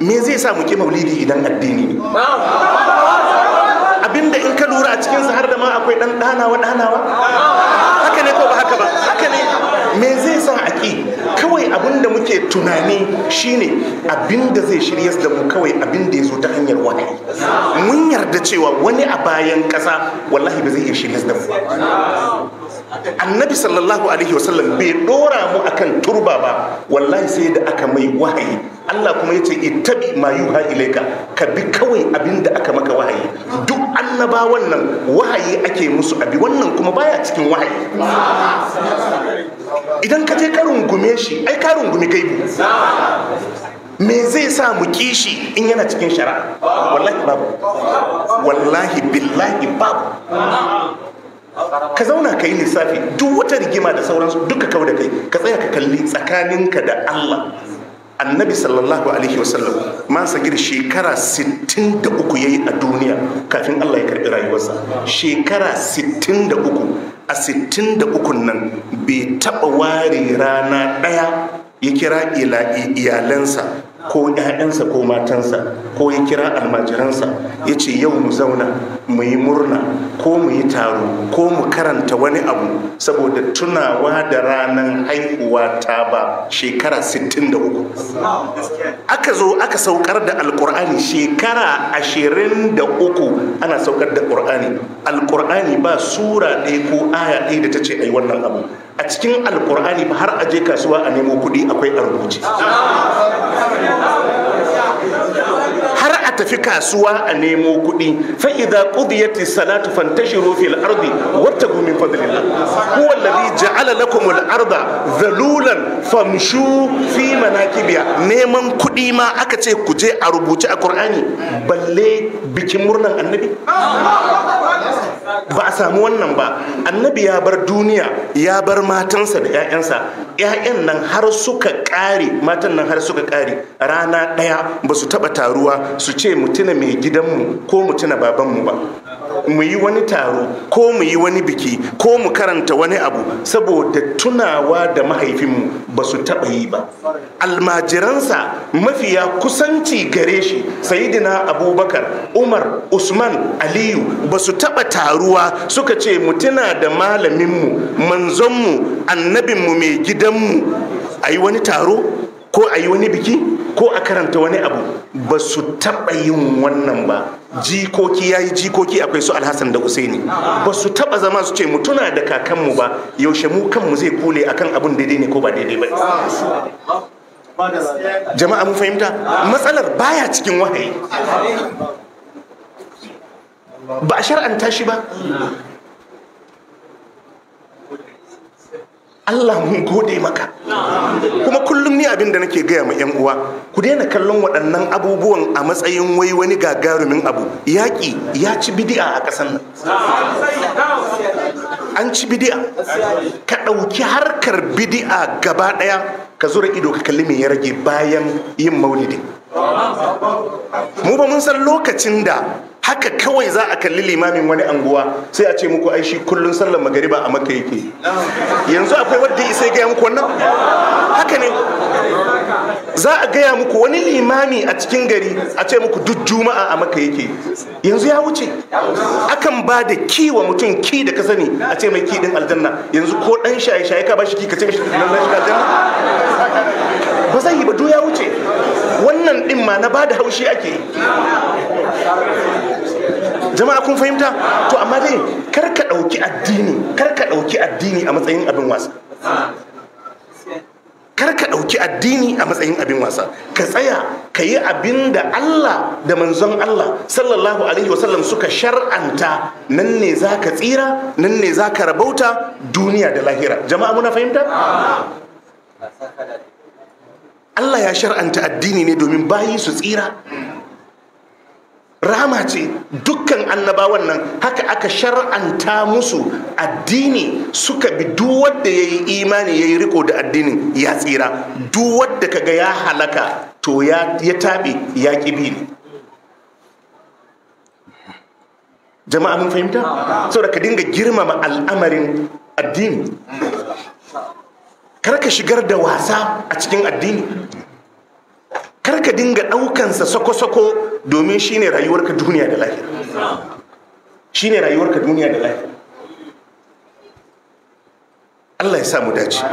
me zai sa mu ki maulidi idan addini ne abinda in ka lura a cikin har da ma akwai dan danawa danawa haka ne ko ba haka ba haka ne me zai sa a ki kawai abinda muke tunani shine abinda zai shirya da mu kawai abinda ya zo ta hanyar wahayi mun yarda cewa wani a bayan ƙasa wallahi ba zai iya shirya da mu annabi sallallahu alaihi wasallam bai dora mu akan turba ba wallahi sai da aka mai wahayi Allah kuma yace ittabi ma yuha ilaika ka bi kawai abinda aka maka wahayi duk annabawan wannan wahayi ake musu abi wannan kuma baya cikin wahayi idan ka je ka rungume shi ai ka rungume kai me zai sa mu kishi in yana cikin shara wallahi babu wallahi billahi babu ka zauna ka yi lissafi duk wata rigima da sauransu duka kawai da kai ka tsaya ka kalli tsakaninka da Allah annabi sallallahu alaihi wasallam masa gir shekara 63 yayi a duniya kafin Allah ya karbi rayuwarsa shekara 63 a 63 nan bai taba ware rana daya ya kira iyalansa ko 'ya'yansa ko matansa ko ya kira almajiransa ya ce yau mu zauna mu yi murna ko mu yi taro ko mu karanta wani abu saboda tunawa da ranar haihuwa ta ba shekara 63 aka zo aka saukar da alkur'ani shekara 23 ana saukar da ƙur'ani alkur'ani ba sura ɗaya ko aya ɗaya da ta ce ai wannan abu a cikin alkur'ani ba har je kasuwa a nemo kuɗi akwai a rubuce har a tafi kasuwa a nemo kuɗi fa idza qudiyati salatu fantashiru fil ardi wattabu min fadlillah huwa alladhi ja'ala lakum al arda dhalulan famshu fi manakibiha neman kuɗi ma aka ce ku je a rubuce a qur'ani balle bikin murnan annabi ba a samu wannan ba annabi ya bar duniya ya bar matansa da 'ya'yansa 'ya'yan nan har suka ƙare matan nan har suka ƙare rana ɗaya ba su taɓa taruwa su ce mutuna mai gidanmu ko mutuna babanmu ba mu yi wani taro ko mu yi wani biki ko mu karanta wani abu saboda tunawa da mahaifinmu ba su taɓa yi ba almajiransa mafiya kusanci gare shi sayidina abubakar umar usman aliyu ba su taɓa taruwa suka ce mu tuna da malaminmu manzonmu annabinmu mai gidanmu a yi wani taro ko a yi wani biki ko a karanta wani abu ba su taɓa yin wannan ba jikoki ya yi jikoki akwai su alhassan da usaini ba su taɓa zama su ce mu tuna da kakanmu ba yaushe mu kanmu zai kule akan abun daidai ne ko ba daidai ba jama'a mu fahimta matsalar baya cikin wahayi ba a shar'anta shi ba Allah mun gode maka kuma kullum ni abin da nake gaya ma yan uwa ku daina kallon waɗannan abubuwan a matsayin wai wani gagarumin abu yaƙi ya ci bidi'a a ƙasar nan an ci bidi'a ka ɗauki harkar bidi'a gaba ɗaya ka zura ido ka kalli me ya rage bayan yin maulidi mu ba mun san lokacin da haka kawai za a kalli limamin wani anguwa sai a ce muku aishi kullum sallar magariba a maka yake yanzu akwai wanda ya isa ya gaya muku wannan haka ne za a gaya muku wani limami a cikin gari a ce muku duk juma'a a maka yake yanzu ya wuce akan ba da ki wa mutum ki da ka sani a ce mai ki din aljanna yanzu ko dan shaye shaye ka bashi ki ka ce mishi dan shi aljanna ba zai yi ba ya wuce wannan din ma na ba da haushi ake yi jama'a kun fahimta to amma dai kar ka dauki addini kar ka ɗauki addini a matsayin abin wasa ɗauki addini a matsayin abin wasa ka tsaya ka yi abin da Allah da manzon Allah sallallahu alaihi wasallam suka shar'anta nan ne za ka tsira nan ne za ka rabauta duniya da lahira jama'a muna fahimta? Allah ya shar'anta addini ne domin bayi su tsira ce dukkan annabawan nan haka aka shar'anta musu addini suka bi duk wanda yayi imani yayi riko da addinin ya tsira duk wanda kaga ya halaka to ya ya tabe ya kibi jama'a mun fahimta saboda ka dinga girmama al'amarin addini kar ka shigar da wasa a cikin addini kar ka dinga ɗaukansa sako-sako domin shine rayuwarka duniya da lahira shine rayuwarka duniya da lahira Allah ya sa mu dace